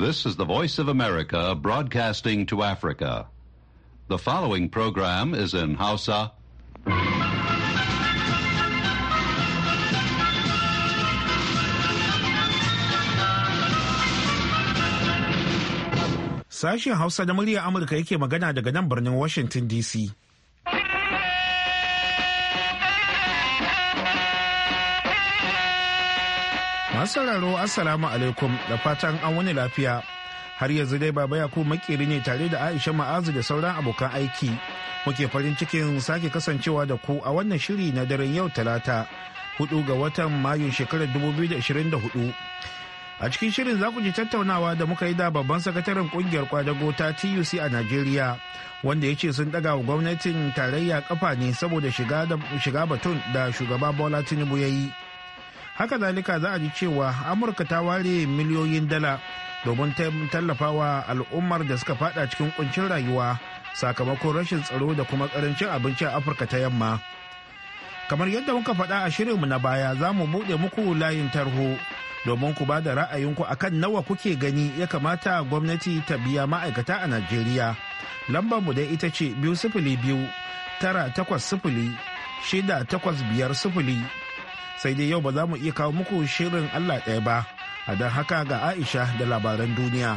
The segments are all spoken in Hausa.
This is the Voice of America broadcasting to Africa. The following program is in Hausa. Sashen Hausa da murya Amurka yake magana daga nan birnin Washington DC. masararo Assalamu alaikum da fatan an wani lafiya. Har yanzu dai Baba Yakubu makeri ne tare da Aisha Ma'azu da sauran abokan aiki. Muke farin cikin sake kasancewa da ku a wannan shiri na daren yau talata. Hudu ga watan Mayun shekarar 2024. A cikin shirin za ku ji tattaunawa da muka yi da babban sakataren kungiyar kwadago ta TUC a nigeria wanda ya ce sun daga wa gwamnatin tarayya kafa ne saboda shiga batun da shugaba Bola Tinubu ya yi. haka zalika za a ji cewa amurka ta ware miliyoyin dala domin tallafawa al'ummar da suka fada cikin kuncin rayuwa sakamakon rashin tsaro da kuma karancin abinci a afirka ta yamma kamar yadda muka faɗa a shirinmu na baya za mu buɗe muku layin tarho domin ku ba da ra'ayinku a kan nawa kuke gani ya kamata gwamnati ta biya ma'aikata a najeriya lambar mu dai ita ce biyu sifili biyu tara takwas sifili shida takwas biyar sifili sai dai yau ba za mu iya kawo muku shirin Allah ɗaya ba, a don haka ga Aisha da labaran duniya.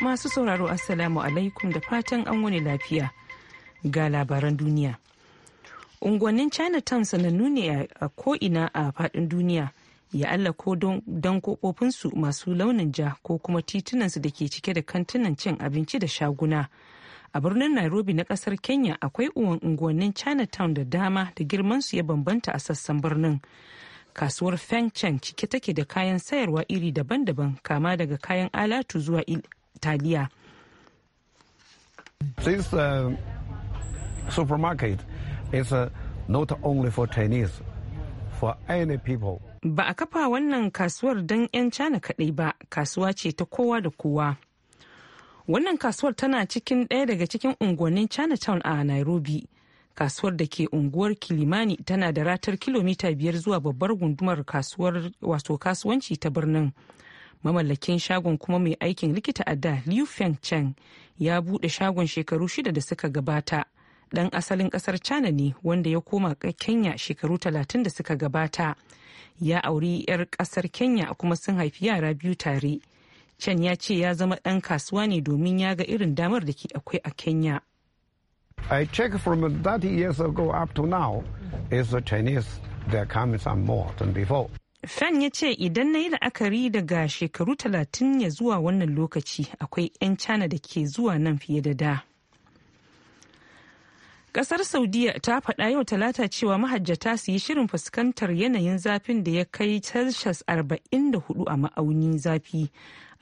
Masu sauraro Assalamu alaikum da fatan an wani lafiya ga labaran duniya. Unguwannin Chinatown sanannu ne a ko'ina a faɗin duniya. ya Allah ko don kofofinsu masu launin ja ko kuma titunansu da ke cike da kantunan cin abinci da shaguna a birnin nairobi na kasar kenya akwai unguwannin chinatown da dama da girman su ya bambanta a sassan birnin kasuwar feng fengchen cike take da kayan sayarwa iri daban-daban kama daga kayan alatu zuwa taliya this uh, supermarket is uh, not only for chinese for any people ba a kafa wannan kasuwar don 'yan cana kaɗai ba kasuwa ce ta kowa da kowa wannan kasuwar tana cikin ɗaya daga cikin unguwannin chinatown a nairobi kasuwar da ke unguwar kilimani tana da ratar kilomita biyar zuwa babbar gundumar kasuwar wato kasuwanci ta birnin mamallakin shagon kuma mai aikin likita a da liu feng cheng ya buɗe shagon shekaru shida da suka gabata dan asalin kasar china ne wanda ya koma kenya shekaru talatin da suka gabata ya auri 'yar kasar kenya kuma sun haifi yara biyu tare Chan ya ce ya zama ɗan kasuwa ne domin ya ga irin damar da ke akwai a Kenya. I check from 30 years ago up to now is the Chinese there coming some more than before. Fan ya ce idan na yi la'akari daga shekaru talatin ya zuwa wannan lokaci akwai 'yan cana da ke zuwa nan fiye da da. Kasar Saudiya ta faɗa yau talata cewa mahajjata su yi shirin fuskantar yanayin zafin da ya kai Celsius 44 a ma'aunin zafi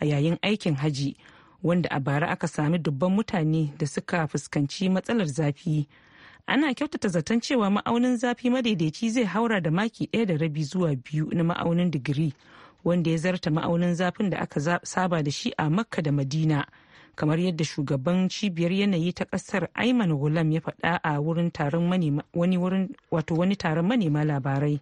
a yayin aikin haji wanda a bara aka sami dubban mutane da suka fuskanci matsalar zafi ana kyautata zaton cewa ma'aunin zafi madaidaici zai haura da maki ɗaya da rabi zuwa biyu na ma'aunin digiri wanda ya zarta ma'aunin zafin da aka saba da shi a makka da madina kamar yadda shugaban cibiyar yanayi ta kasar aiman gulam ya faɗa a wurin wani taron manema labarai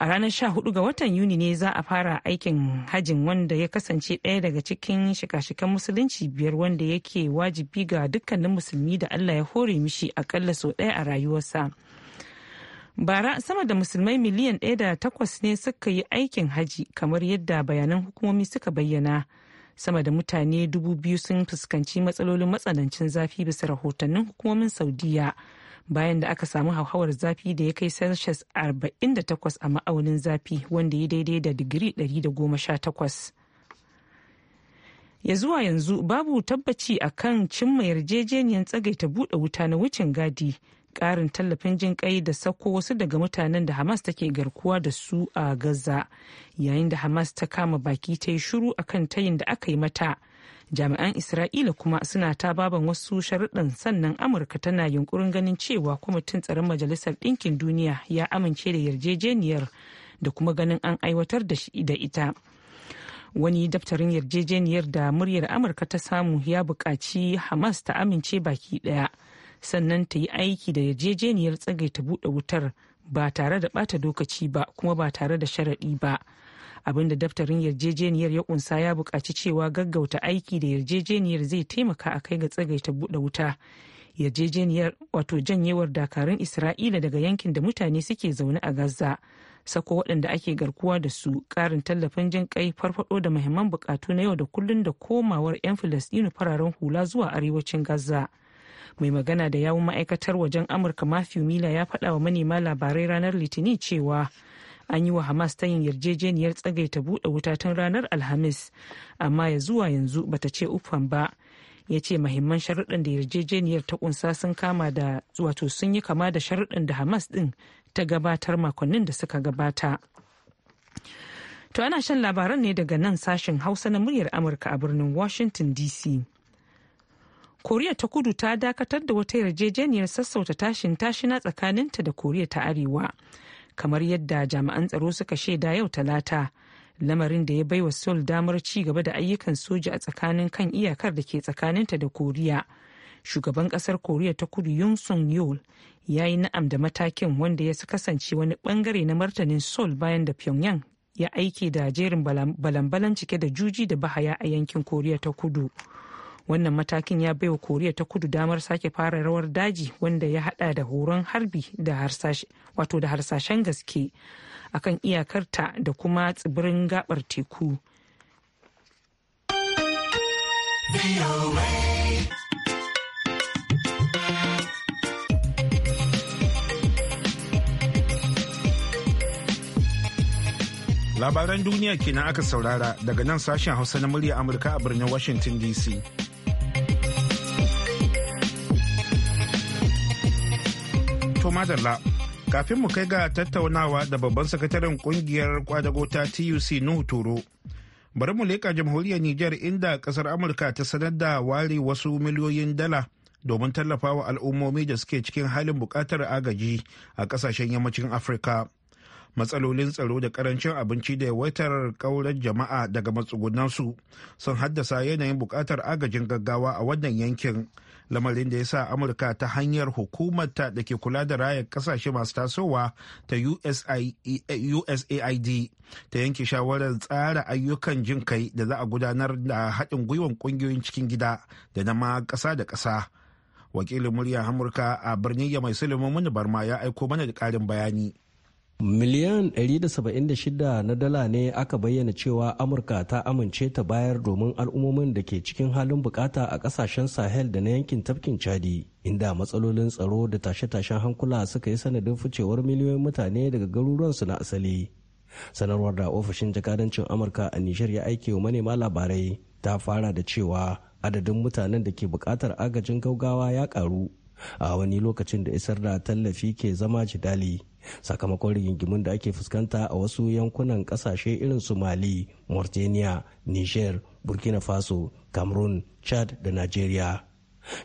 a ranar 14 ga watan yuni ne za a fara aikin hajin wanda ya kasance ɗaya daga cikin shika-shikan musulunci biyar wanda yake wajibi ga dukkanin musulmi da allah ya hore mishi akalla sau ɗaya a rayuwarsa bara sama da musulmai miliyan ɗaya da takwas ne suka yi aikin haji kamar yadda bayanan hukumomi suka bayyana sama da mutane dubu biyu sun fuskanci matsalolin matsanancin zafi bisa rahotannin hukumomin saudiya bayan da aka samu hauhawar zafi da ya kai celsius 48 a ma'aunin zafi wanda ya daidai da digiri 118 ya zuwa yanzu babu tabbaci a kan cimma yarjejeniyar tsagaita buɗe wuta na wucin gadi ƙarin tallafin jin kai da sako wasu daga mutanen da hamas take garkuwa da su a gaza yayin da hamas ta kama baki ta yi shuru a kan tayin da aka yi mata jami'an isra'ila kuma suna ta baban wasu sharuɗan sannan amurka tana yunkurin ganin cewa kwamitin tsaron majalisar ɗinkin duniya ya amince da yarjejeniyar da kuma ganin an aiwatar da shi ita wani daftarin yarjejeniyar da muryar amurka ta samu ya buƙaci hamas ta amince baki ɗaya sannan ta yi aiki da yarjejeniyar tsagaita buɗe wutar ba tare da ɓata lokaci ba kuma ba tare da sharaɗi ba. abinda daftarin yarjejeniyar ya kunsa ya buƙaci cewa gaggauta aiki da yarjejeniyar zai taimaka a kai ga tsagaita buɗe wuta yarjejeniyar wato janyewar dakarun isra'ila daga yankin da mutane suke zaune a gaza sako waɗanda ake garkuwa da su ƙarin tallafin jin kai farfaɗo da muhimman buƙatu na yau da kullun da komawar 'yan filistinu fararen hula zuwa arewacin gaza mai magana da yawun ma'aikatar wajen amurka mafi mila ya faɗa wa manema labarai ranar litinin cewa an yi wa hamas ta yin yarjejeniyar ta buɗe wuta tun ranar alhamis amma ya zuwa yanzu bata ce ufan ba ya ce mahimman sharuɗan da yarjejeniyar ta ƙunsa sun kama da wato sun yi kama da sharuɗan da hamas ɗin ta gabatar makonnin da suka gabata to ana shan labaran ne daga nan sashen hausa na muryar amurka a birnin washington dc koriya ta kudu ta dakatar da wata yarjejeniyar sassauta tashin tashina tsakaninta da koriya ta arewa kamar yadda jami'an tsaro suka shaida yau talata lamarin da ya baiwa seoul damar ci gaba da ayyukan soja a tsakanin kan iyakar da ke tsakaninta da koriya shugaban kasar koriya ta kudu yun sung yul ya yi na'am da matakin wanda ya kasance wani bangare na martanin seoul bayan da pyongyang ya aiki da jerin balambalan cike da juji da bahaya a yankin koriya ta kudu wannan matakin ya baiwa koriya ta kudu damar sake fara rawar daji wanda ya hada da horon harbi wato da harsashen gaske akan iyakarta da kuma tsibirin gabar teku labaran duniya kenan aka saurara daga nan sashen hausa na murya amurka a birnin washington dc To madalla, kafin mu kai ga tattaunawa da babban sakataren kungiyar kwadago ta TUC Nuhu Turo. Bari mu leƙa jamhuriyar Nijar inda ƙasar Amurka ta sanar da ware wasu miliyoyin dala domin tallafawa al'ummomi da suke cikin halin buƙatar agaji a ƙasashen yammacin Afirka. matsalolin tsaro da ƙarancin abinci da yawaitar ƙaurar jama'a daga matsugunansu sun haddasa yanayin buƙatar agajin gaggawa a wannan yankin lamarin da ya sa amurka ta hanyar hukumarta da ke kula da rayar kasashe masu tasowa ta usaid ta yanke shawarar tsara ayyukan jin kai da za a gudanar da haɗin gwiwan ƙungiyoyin cikin gida da na ma ƙasa da ƙasa wakilin murya amurka a birnin ya mai silimin barma ya aiko mana da ƙarin bayani miliyan 176 na dala ne aka bayyana cewa amurka ta amince ta bayar domin al'ummomin da ke cikin halin bukata a kasashen sahel da na yankin tafkin chadi inda matsalolin tsaro da tashe-tashen hankula suka yi sanadin ficewar miliyoyin mutane daga garuruwansu na asali sanarwar da ofishin jakadancin amurka a nijar ya aike wa manema labarai ta fara da cewa adadin mutanen da ke bukatar agajin gaugawa ya karu a wani lokacin da isar da tallafi ke zama jidali sakamakon rigingimun da ake fuskanta a wasu yankunan kasashe irin su mali mauritania niger burkina faso cameroon chad da nigeria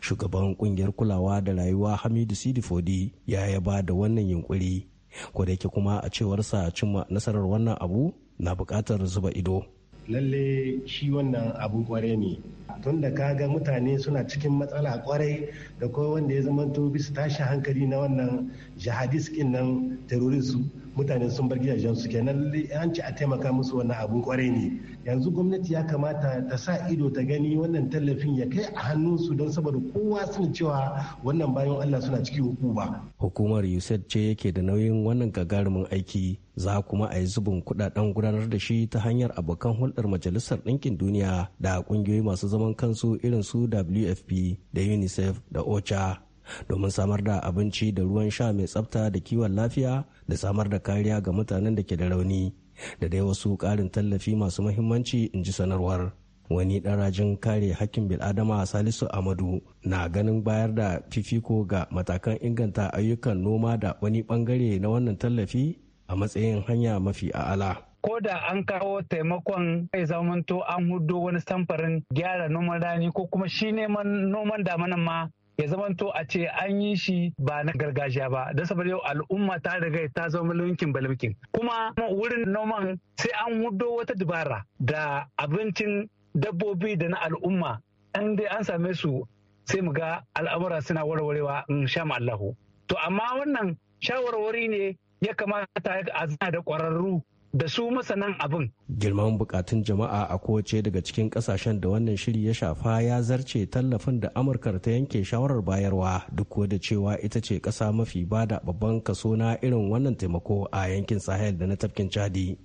shugaban kungiyar kulawa da rayuwa hamidu sidifodi ya yaba da wannan yunkuri ko da kuma a cewarsa cimma nasarar wannan abu na buƙatar zuba ido lalle shi wannan abun kware ne tun da ga mutane suna cikin matsala kwarai da kawai wanda ya zama to bisa tashi hankali na wannan jihadis kin nan terrorist mutane sun bar gidajensu kenan an ci a taimaka musu wannan abun kwarai ne yanzu gwamnati ya kamata ta sa ido ta gani wannan tallafin ya kai a hannun su don saboda kowa suna cewa wannan bayan allah suna cikin hukuma hukumar usaid ce yake da nauyin wannan gagarumin aiki za kuma a yi zubin kudaden gudanar da shi ta hanyar abokan hulɗar majalisar ɗinkin duniya da ƙungiyoyi masu zaman kansu irin su wfp da unicef da ocha domin samar da abinci da ruwan sha mai tsafta da kiwon lafiya da samar da kariya ga mutanen da ke da rauni da dai wasu ƙarin tallafi masu muhimmanci in ji sanarwar wani ɗarajin kare hakkin bil'adama salisu amadu na ganin bayar da fifiko ga matakan inganta ayyukan noma da wani ɓangare na wannan tallafi a matsayin hanya mafi a'ala. ko da an kawo taimakon zai zamanto an hudo wani samfarin gyara noman rani ko kuma shi neman noman damanan ma ya zamanto a ce an yi shi ba na gargajiya ba da saboda yau al'umma ta riga ta zama linkin balimkin kuma wurin noman sai an hudo wata dabara da abincin dabbobi da na al'umma an dai an same su sai mu ga al'amura suna warwarewa in sha Allahu to amma wannan shawarwari ne ya kamata a zana da ƙwararru da su masanan abin. Girman bukatun jama'a a kowace daga cikin kasashen da wannan shiri ya shafa ya zarce tallafin da Amurkar ta yanke shawarar bayarwa duk da cewa ita ce ƙasa mafi bada babban kaso na irin wannan taimako a yankin Sahel da na tafkin Chadi.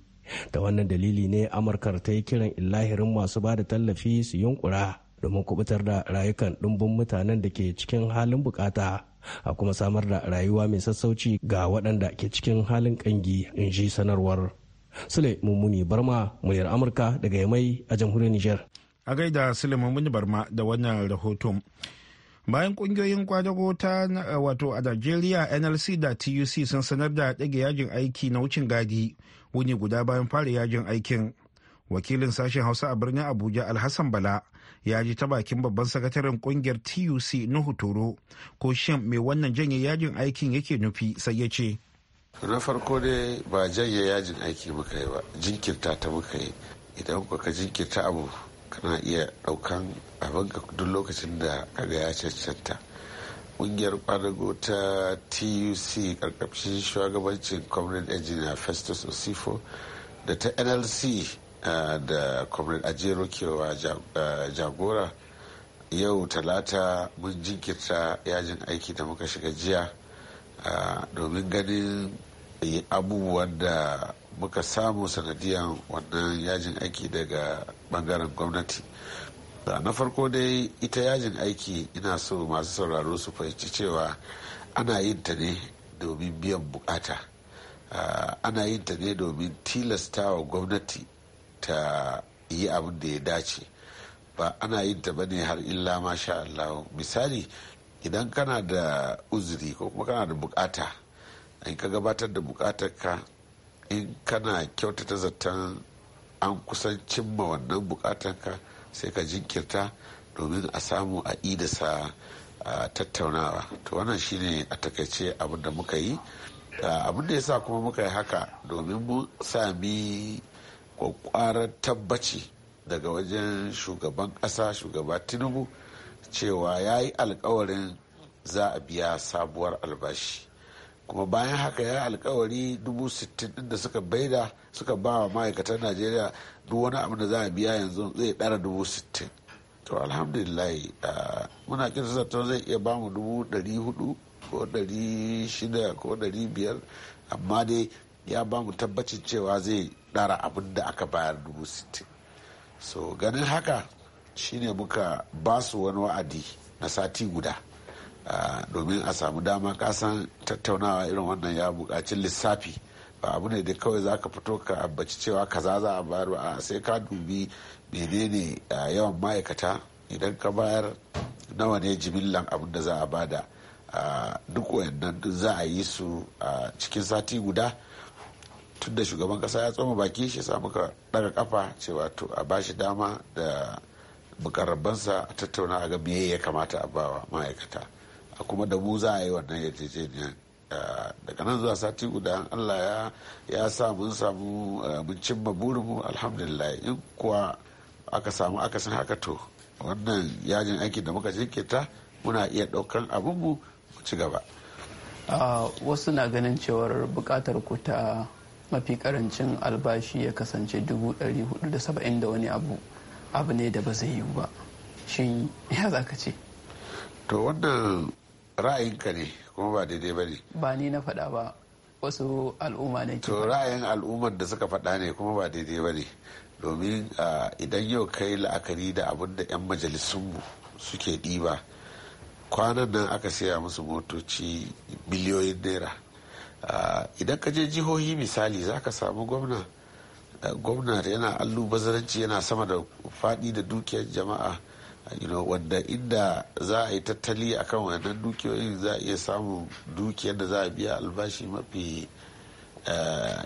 Da wannan dalili ne Amurkar ta yi kiran illahirin masu bada tallafi su yunkura domin kubutar da rayukan ɗumbin mutanen da ke cikin halin bukata a kuma samar da rayuwa mai sassauci ga waɗanda ke cikin halin kangi in ji sanarwar sule mummuni barma muryar amurka daga yamai a jamhuriyar niger a gaida sule mummuni barma da wannan rahoton bayan kungiyoyin kwadago ta eh, wato a nigeria NLC da TUC sun sanar da ɗage yajin aiki na wucin gadi wuni guda bayan fara yajin aikin. Wakilin sashen Hausa a birnin Abuja Alhassan Bala ya ji ta bakin babban sakataren kungiyar tuc nuhu toro ko shan mai wannan janye yajin aikin yake nufi sai ya ce na farko dai ba janye yajin aiki muka yi ba jinkirta ta muka yi idan ka jinkirta abu kana iya daukan abin ga duk lokacin da kaga ya cancanta kungiyar kwanago ta tuc karkashin shugabancin comrade engineer festus osifo da ta nlc da comrade ajero kewa jagora yau talata mun jinkirta yajin aiki da muka shiga jiya domin ganin abubuwan da muka samu sanadiyan wannan yajin aiki daga bangaren gwamnati na farko dai ita yajin aiki ina so masu sauraro su fahimci cewa ana yin ta ne domin biyan bukata ana yin ta ne domin tilasta wa gwamnati ta yi abin da ya dace ba ana yin ta bane har illa masha allahu misali idan kana da uzuri ko kuma kana da bukata in ka gabatar da bukatar ka in kana kyautata zaton an kusan cimma wannan bukatar ka sai ka jinkirta domin a samu a idasa a tattaunawa to wannan shine a takaice abin da muka yi ah, abin da ya sa kuma muka yi haka domin mun sami kwakwarar tabbaci daga wajen shugaban ƙasa shugaba tinubu cewa ya yi alkawarin za a biya sabuwar albashi kuma bayan haka ya yi alkawari dubu sittin da suka baida suka ba wa ma'aikatan najeriya duk wani abu da za a biya yanzu zai ɗara dubu to alhamdulillah muna kirsa zato zai iya bamu dubu ɗari ko ɗari ko ɗari biyar amma dai ya bamu tabbacin cewa zai ɗara abin da aka bayar dubu sittin so ganin haka shine muka ba su wani wa'adi na sati guda ah, domin a samu dama kasan tattaunawa irin wannan ya bukacin lissafi ba abu ne da kawai za ka fito ka ambaci cewa kaza za a bayar ba sai ka dubi menene ah, yawan ma'aikata idan ka bayar nawa ne jimillan abin da za a bada ah, duk wayannan za a yi su cikin sati guda tun da shugaban kasa ya tsoma baki shi sa muka daga kafa cewa to a bashi dama da mukarrabansa a tattauna a ga me ya kamata a bawa ma'aikata a kuma da mu za a yi wannan yarjejeniyar daga nan zuwa sati guda allah ya sa mun samu mun cimma mu alhamdulillah in kuwa aka samu akasin haka to wannan yajin aikin da muka jinkirta muna iya daukan abinmu mu ci gaba wasu na ganin cewar bukatar ku ta mafi karancin albashi ya kasance 470 da wani abu abu ne da ba zai yiwu ba shin ya za ka ce to wannan ra'ayinka ne kuma ba daidai ba ne ba ni na faɗa ba wasu al'umma ne to ra'ayin al'ummar da suka faɗa ne kuma ba daidai ba ne domin idan yau kai la'akari da abin da 'yan majalisunmu suke ɗiba kwanan nan aka siya musu motoci biliyoyin naira idan ka je jihohi misali za ka samu gwamna gwamna yana bazaranci yana sama da faɗi da dukiyar jama'a wanda inda za a yi tattali akan wannan dukiyoyin za a iya samun dukiyar da za a biya albashi mafi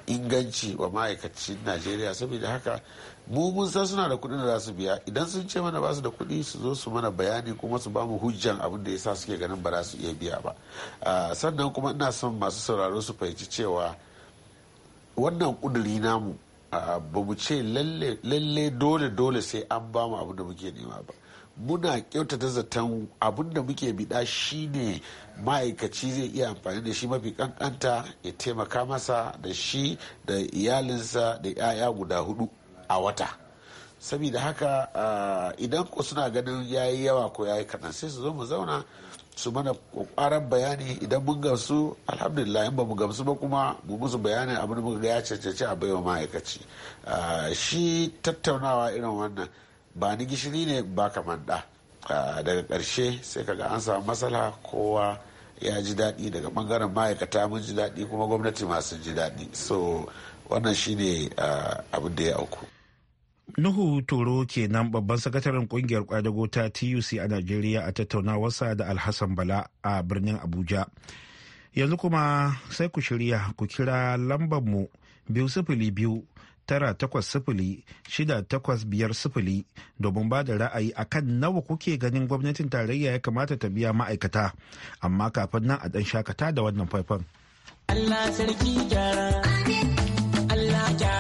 inganci wa ma'aikacin najeriya saboda haka mu mun san suna da kuɗin da za su biya idan sun ce mana ba su da kuɗi su zo su mana bayani kuma su ba mu hujjan abin da ya sa suke ganin ba za su iya biya ba ah, sannan kuma ina son masu sauraro su fahimci cewa wannan ƙuduri namu ah, ba mu ce lalle dole dole sai an ba mu abin da muke nema ba muna kyautata zaton abin da muke biɗa shi ne ma'aikaci zai iya amfani da shi mafi kankanta ya taimaka masa da shi da iyalinsa da 'ya'ya guda hudu a wata saboda haka eh, idan ko suna ganin ya yi yawa ko ya yi kaɗan sai su zo mu zauna su mana ƙwarar bayani idan mun gamsu alhamdulillah in ba mu gamsu ba kuma mu musu bayani abin muka ga ya cancanci a baiwa ma'aikaci eh, shi tattaunawa irin wannan ba ni gishiri ne ba kamar da eh, daga ƙarshe sai ga an samu matsala kowa ya ji daɗi daga ɓangaren ma'aikata mun ji daɗi kuma gwamnati masu ji daɗi so wannan shine abin da ya auku Nuhu Toro kenan babban sakataren kungiyar kwadago ta TUC a Najeriya a tattaunawarsa da Alhassan Bala a birnin Abuja. Yanzu kuma sai ku shirya ku kira lambarmu biyu sifili biyu tara takwas sifili shida takwas biyar sifili domin ba da ra'ayi a kan nawa kuke ganin gwamnatin tarayya ya kamata ta biya ma'aikata amma kafin nan a ɗan shakata da wannan faifan. Allah sarki gyara. Allah gyara.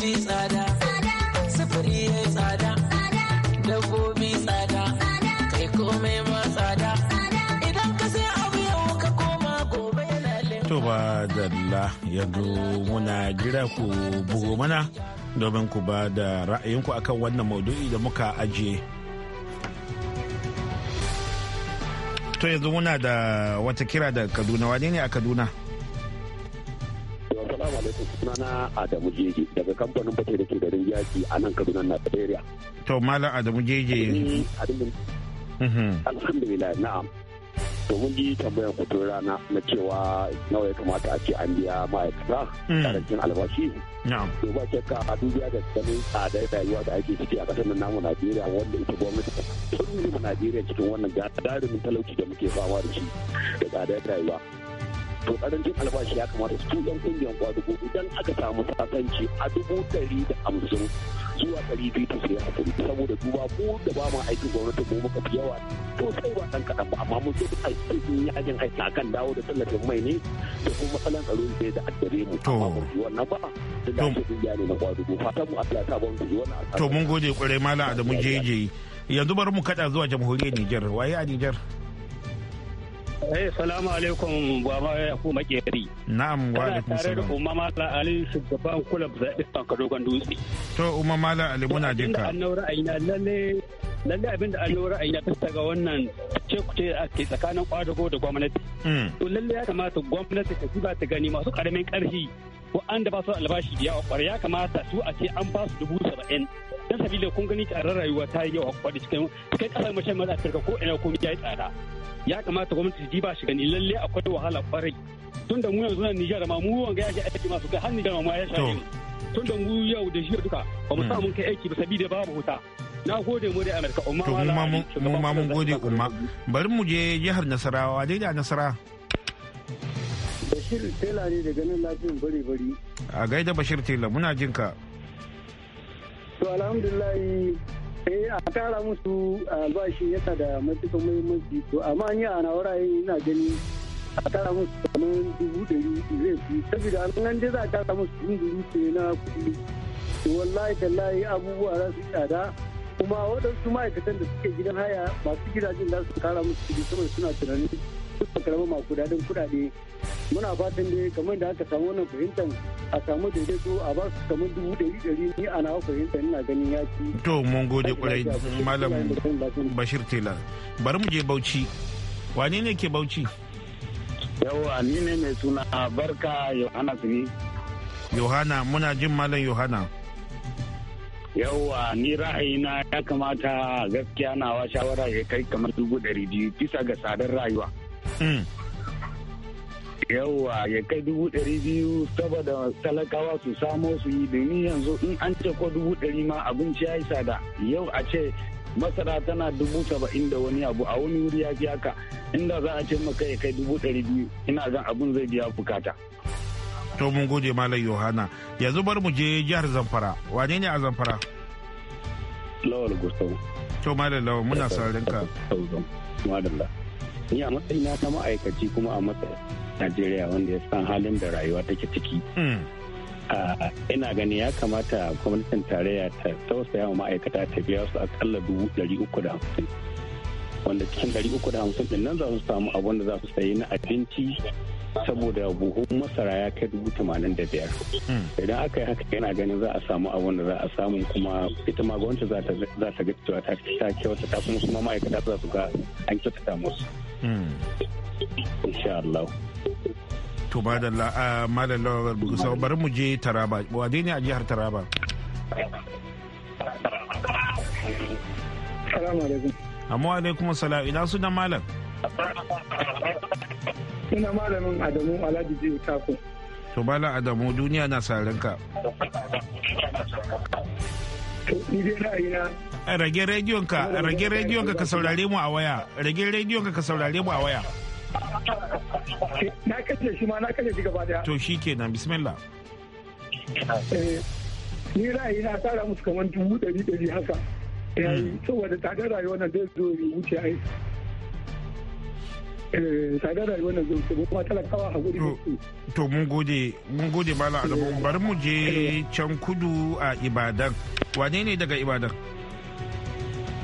abinci tsada sufuri ya tsada dabbobi tsada kai komai ma tsada idan ka sai abu yau ka koma gobe yana to ba dalla yanzu muna jira ku bugo mana domin ku ba da ra'ayinku akan wannan maudu'i da muka ajiye to yanzu muna da wata kira da kaduna wane ne a kaduna alaikum sunana Adamu Jeje daga kamfanin fate da ke garin yaki a nan Kaduna na Najeriya. To Malam Adamu Jeje. Mhm. Alhamdulillah na'am. To mun ji tambayar kutun rana na cewa nawa ya kamata a ce an biya ma'aikata mm. karancin albashi. To ba shakka a dubiya da sanin tsadar rayuwa da ake ciki a ƙasar namu Najeriya wanda ita gwamnati sun yi Najeriya cikin wannan gadarumin talauci da muke fama da shi da tsadar rayuwa. to karancin albashi ya kamata su yan kungiyan kwadugo idan aka samu sasanci a dubu dari da hamsin zuwa dari biyu ta sai hakuri saboda duba ko da ba mu aikin gwamnati mu muka fi yawa to sai ba dan kaɗan ba amma mun sai aikin yi ajin aiki akan dawo da tallafin mai ne da kuma matsalan tsaro ne da addare mu amma wannan ba da dan su kungiya ne na kwadugo fatan mu Allah ta ba mu ji wannan to mun gode kwarai malam Adamu jeje yanzu bari mu kada zuwa jamhuriyar Nijar waye a Nijar Eh, salamu alaikum baba ya ku makeri. Na'am wa alaikum salam. Tare da Umma Mala Ali shugaban kulab da Iskan Kadogon Dutse. To Umma Mala Ali muna jin ka. Abinda annabi ra'ayina lalle lalle abinda annabi ra'ayina ta daga wannan ce ku ce ake tsakanin kwadago da gwamnati. Hmm. To lalle ya kamata gwamnati ta ba ta gani masu karamin karfi da ba su albashi biya a ya kamata su a ce an ba su dubu saba'in dan sabida kun gani tsadar rayuwa ta yi yawa kwari cikin cikin kasar mace maza afirka ko ina komai ya yi tsada ya kamata gwamnati ji ba shi gani lalle akwai wahala kwarai tun da mu yanzu nan Nijar ma mu wanga ya ji aiki masu kai har Nijar ma ya sha ne tun da mu yau da shi duka ba mu sa hmm. mun kai aiki ba sabida babu huta na gode mu da Amerika umma to mu ma mun gode umma bari mu je jihar Nasarawa dai da Nasara Bashir Tela ne daga nan lafiyan bari bari a gaida Bashir Tela muna jinka to alhamdulillah eh a kara musu albashi yana da matuƙar muhimmanci to amma ni a na wurare ina gani a kara musu kamar dubu ɗari zai fi saboda an nan dai za a kara musu dubu ɗari na kuɗi to wallahi tallahi abubuwa za su tsada kuma waɗansu ma'aikatan da suke gidan haya masu gidajen za su kara musu kuɗi saboda suna tunanin suka karɓi makudaden kuɗaɗe muna fatan dai kamar da aka samu wannan fahimtar a samu daidaito a ba su kamar dubu ɗari ɗari ni a nawa fahimtar ina ganin ya ci. to mun gode kwarai malam bashir tela bari mu je bauchi wane ne ke bauchi. yawwa ni ne mai suna barka yohana ne. yohana muna jin malam yohana. yawwa ni ra'ayina ya kamata gaskiya nawa shawara ya kai kamar dubu ɗari biyu bisa ga tsadar rayuwa yawwa ya kai dubu ɗari biyu saboda talakawa su samo su yi domin yanzu in an ce ko dubu ɗari ma abinci ya yi tsada yau a ce masara tana dubu saba'in da wani abu a wani wuri ya fi haka inda za a ce maka ya kai dubu ɗari biyu ina gan abin zai biya bukata. to mun gode malam yohana yanzu bar mu je jihar zamfara wane ne a zamfara. lawal gustavo. to malam lawal muna sararin ka. ni a na ta ma'aikaci kuma a matsayin najeriya wanda ya san halin da rayuwa take ciki hmm. ina gani ya kamata gwamnatin tarayya ta tausaya wa ma'aikata ta biya su akalla dubu ɗari uku da hamsin wanda cikin dari uku da hamsin ɗin nan za su samu abin da za su sayi na abinci saboda buhun masara ya kai dubu tamanin da biyar hmm. idan aka yi haka yana ganin za a samu abin da za a samu kuma ita ma gwamnati za ta ga cewa ta kyauta ta kuma kuma ma'aikata za su ga an kyautata musu hmm. insha Allah to da madalla ah, madalla sau bari mu je taraba wadai ne a jihar taraba Assalamu alaikum. amma alaikum salam ina suna malam ina malamin adamu alhaji jiyu tako to bala adamu duniya na sarin ka eh, rage rediyon ka rage rediyon ka ka saurare mu a waya rage rediyon ka ka saurare mu a waya eh, na kashe shi ma na kashe shi gaba daya to shi kenan bismillah eh, ni ra'ayi na tsara musu kamar dubu ɗari ɗari haka Eh, hmm. saboda tsadar rayuwar nan zai zo ya wuce ai eh, tsadar rayuwar nan zai zo kuma talakawa a guri to mun gode mun gode malam adamu eh, bari mu je can kudu a ibadan wane ne daga ibadan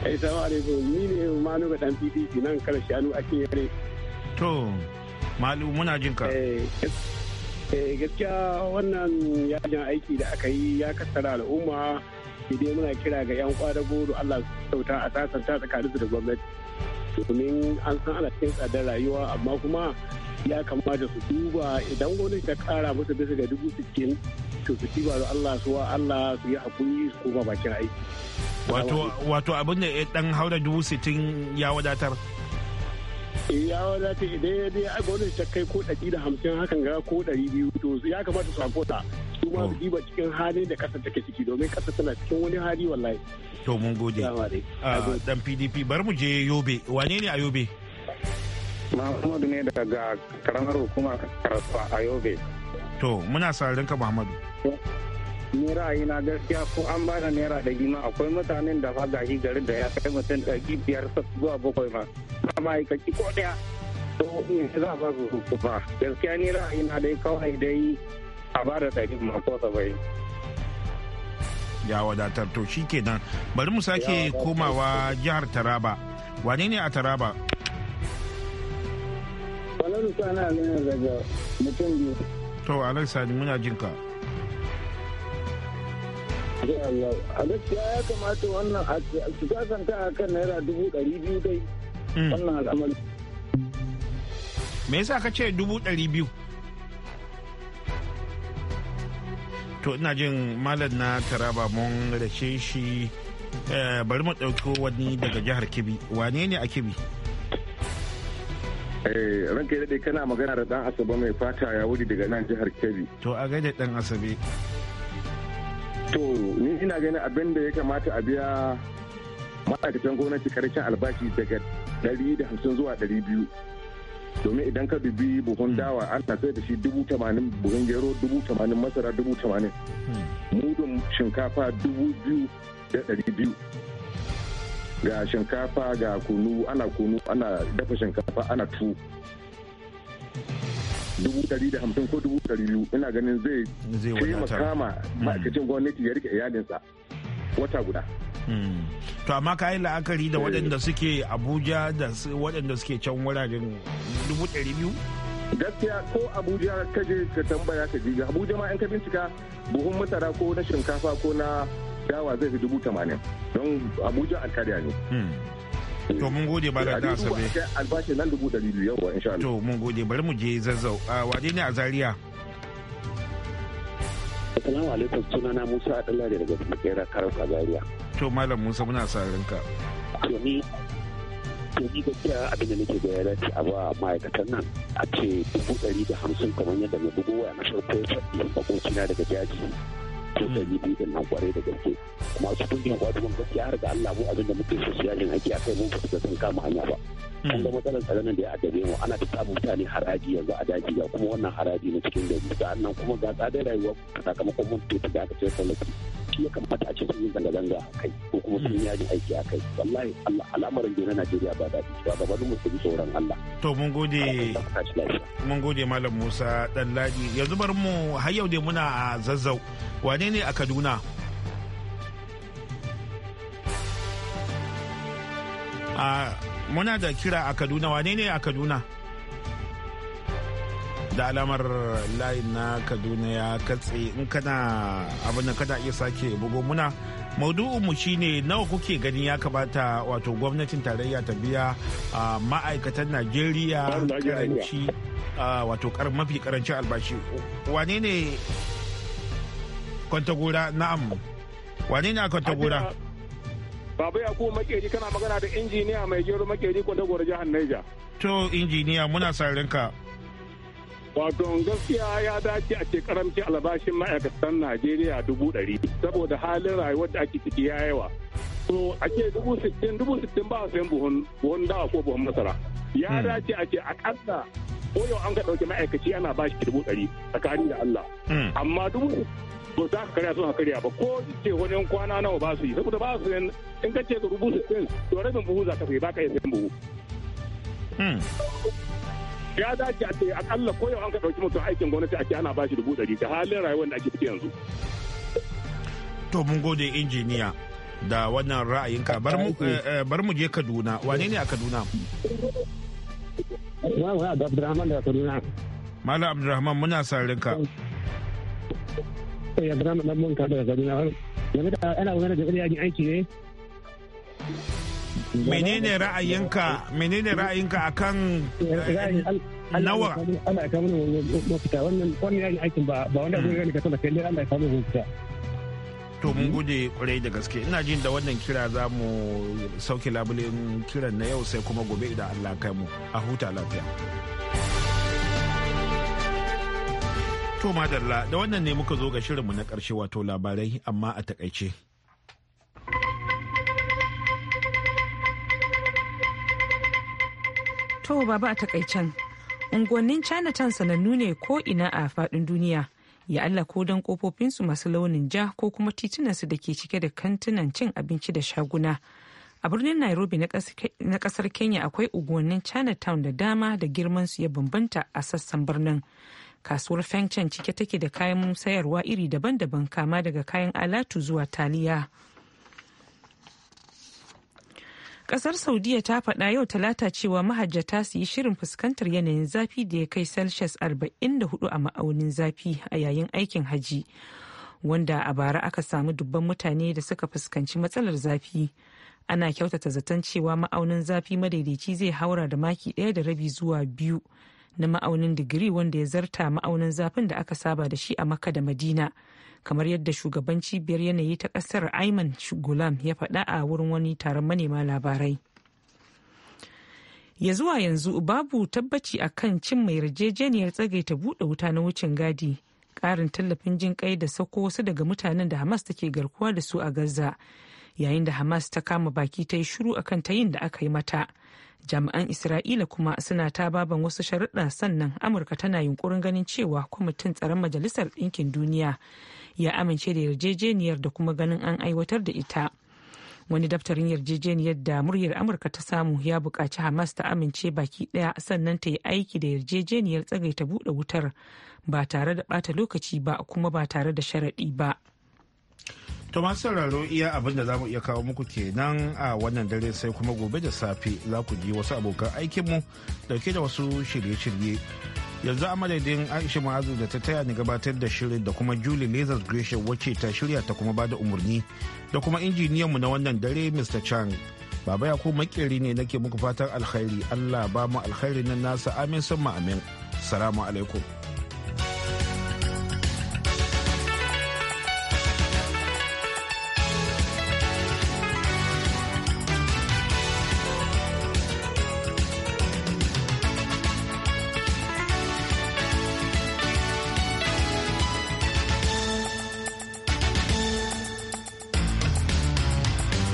Assalamu alaikum ni ne Malu ga dan PDP nan kar shanu ake yare to Malu muna jin ka gaskiya wannan yajin aiki da aka yi ya kassara al'umma dai muna kira ga 'yan kwada goro Allah su sauta a ta tsakanin su da gwamnati domin an san ana cin tsadar rayuwa amma kuma ya kamata su duba idan gwamnati ta kara musu bisa ga dubu sittin to su ci baro Allah suwa Allah su yi hakuri su koma bakin aiki. Wato wato abin da dan haura dubu sittin ya wadatar. Eh, ya wadatar idan ya dai gwamnati ta kai ko ɗari da hamsin hakan ga ko ɗari biyu to ya kamata su hakota su ma su oh. diba cikin hali da ƙasa take ciki domin ƙasa tana cikin wani hali wallahi to mun gode ah, dan pdp bar mu je yobe wane ne a yobe muhammadu ne daga karamar hukumar karasuwa a yobe to muna sararin ka muhammadu Nera ra'ayi na gaskiya ko an ba da naira da ma akwai mutanen da fa gashi garin da ya kai mutum ɗari biyar zuwa bakwai ma ba ma'aikaci ko ɗaya to ne za ba su ba gaskiya nera ra'ayi na dai kawai dai da ɗari mako saba'in ya wadatar to shi kenan bari mu sake komawa jihar taraba wane ne a taraba Falalu sana ne muna jinka. Allah ya kamata wannan a a kan naira dubu hmm. Me yasa ka ce dubu ɗari biyu? to ina jin malam na taraba mun rashe shi eh, bari mu ɗauko wani daga jihar kibi wane ne a kibi eh, ranka daɗe kana magana da ɗan asabe mai fata ya wuri daga nan jihar kebbi to a gaida ɗan asabe to ni ina ganin abin da ya kamata a biya ma'aikatan gwamnati karshen albashi daga 150 zuwa 200 domin idan ka bibi buhun hmm. dawa ana sai da shi dubu tamanin buhun gero dubu tamanin masara dubu tamanin hmm. mudun shinkafa dubu biyu da ɗari biyu ga shinkafa ga kunu ana kunu ana dafa shinkafa ana tuwo dubu dari da hamsin ko dubu dari biyu ina ganin zai taimaka ma hmm. ma'aikacin gwamnati ya rike iyalinsa wata guda. to amma ka yi la'akari da waɗanda suke abuja da waɗanda suke can wuraren dubu ɗari biyu gaskiya ko abuja ka je ka tambaya ka ji abuja ma in ka bincika buhun masara ko na shinkafa ko na dawa zai fi dubu tamanin don abuja alkariya ne hmm. eh, to mun gode ba da asabe albashi nan dubu ɗari biyu yawa insha Allah to mun gode bari mu je zazzau ah, waje ne a zaria Assalamu alaikum sunana Musa Adalla daga Makera Karau Zaria. to malam musa muna sa ranka to ni gaskiya abin da nake ga dace a ba ma'aikatan nan a ce dubu ɗari da hamsin kamar yadda na bugu waya na farko ya faɗi bakokina daga jaji to hmm. ɗari biyu da nan kwarai da gaske masu kungiyar kwaduwan gaskiya har ga Allah mu abin da muke sosiyalin siyalin a kai mun fita sun kama hanya ba. kun ga hmm. matsalar tsaron da ya adabe mu ana ta samun mutane haraji yanzu a daji ga kuma wannan haraji na cikin gari ga nan kuma ga tsadar rayuwa sakamakon mun fita da aka ce tallafi shi ya kamata a ce sun yi zanga-zanga a kai ko kuma sun hmm. yaji aiki a kai wallahi Allah al'amarin da na Najeriya ba daɗi ba gabanin mu su bi sauran Allah to mun gode mun gode malam Musa dan Ladi yanzu bari mu har yau dai muna a Zazzau wane ne a Kaduna a ah, muna da kira a kaduna wane ne a kaduna da alamar layin na kaduna ya katse in kana abin da kada iya sake bugu muna mu shine nawa kuke gani ya kamata wato gwamnatin tarayya ta biya a ma'aikatan najeriya karanci wato mafi karancin albashi wane ne kwantagora na'am wane ne a kwantagora Baba Yakubu Makeri kana magana da injiniya mai gero Makeri Kwantagoro jihar Niger. To injiniya muna sa ranka. Wato gaskiya ya dace a ce karamci albashin ma'aikatan Najeriya dubu ɗari saboda halin rayuwar da ake ciki ya yawa. To a ce dubu sittin dubu sittin ba sayan buhun buhun dawa ko buhun masara. Ya hmm. dace a ce a ƙasa ko yau an ka ɗauki ma'aikaci ana bashi dubu ɗari tsakanin da Allah. Hmm. Amma dubu ba za ka karya su a karya ba ko ce wani kwana nawa ba su yi saboda ba su in ka ce ka rubu su din to rabin buhu za ka fi ba ka yi sayan buhu. Hmm. ya dace a ce akalla ko yau an ka ɗauki mutum aikin gwamnati a ce ana ba shi dubu ɗari da halin rayuwar da ake ciki yanzu. to mun gode injiniya da wannan ra'ayinka bar mu eh, je kaduna wane ne a kaduna Malam Abdulrahman muna sa rinka. ya bana mu dan munka daga Kaduna game da ana magana da yajin aiki ne menene ra'ayinka menene ra'ayinka akan eh, eh, eh, nawa ana kawo mafita wannan wannan yajin aikin ba ba wanda zai gani ka tsala kai Allah ya kawo mafita to mun gode kwarai da gaske ina jin da wannan kira za mu sauke labulin kiran na yau sai kuma gobe idan Allah kai mu a huta lafiya To madalla da wannan ne muka zo ga shirinmu na ƙarshe wato labarai amma a takaice. To baba a takaicen. Unguwannin Chinatown sanannu ne ko ina a faɗin duniya. Ya Allah ko don kofofinsu masu launin ja ko kuma titunansu da ke cike da kantunan cin abinci da shaguna. a birnin nairobi na kasar kenya akwai unguwannin chinatown da dama da girmansu ya bambanta a sassan birnin kasuwar fengcen cike take da kayan sayarwa iri daban-daban kama daga kayan alatu zuwa taliya kasar saudiya ta faɗa yau talata cewa mahajjata su yi shirin fuskantar yanayin zafi da ya kai celsius 44 a ma'aunin zafi a yayin aikin haji wanda a bara aka samu dubban mutane da suka fuskanci matsalar zafi ana kyautata zaton cewa ma'aunin zafi madaidaici zai haura da maki ɗaya da rabi zuwa biyu na ma'aunin digiri wanda ya zarta ma'aunin zafin da aka saba da shi a Makka da Madina. Kamar yadda shugaban cibiyar yanayi ta kasar Ayman Gulam ya faɗa a wurin wani taron manema labarai. Ya zuwa yanzu babu tabbaci akan cin mai yarjejeniyar tsagaita buɗe wuta na wucin gadi. Ƙarin tallafin jin kai da sauko wasu daga mutanen da Hamas take garkuwa da su a Gaza. Yayin da Hamas ta kama baki ta yi shuru akan ta yin da aka yi mata. jami'an isra'ila kuma suna ta baban wasu sharuɗa sannan amurka tana yunkurin ganin cewa kwamitin tsaron majalisar ɗinkin duniya ya amince da yarjejeniyar da kuma ganin an aiwatar da ita wani daftarin yarjejeniyar da muryar amurka ta samu ya buƙaci hamas ta amince baki ɗaya sannan ta yi aiki da yarjejeniyar tsagaita buɗe wutar ba tare da ɓata lokaci ba kuma ba tare da sharaɗi ba. To masu sauraro iya abin da za mu iya kawo muku kenan a wannan dare sai kuma gobe da safe za ku ji wasu abokan aikinmu dauke da wasu shirye-shirye. Yanzu a madadin Aisha Ma'azu da ta taya ni gabatar da shirin da kuma Julie Lazar Gresham wacce ta shirya ta kuma bada umarni da kuma injiniyanmu na wannan dare Mr. Chang. Baba ko makeri ne nake muku fatan alkhairi Allah ba mu alkhairi nan nasa amin sun amin. Salamu alaikum.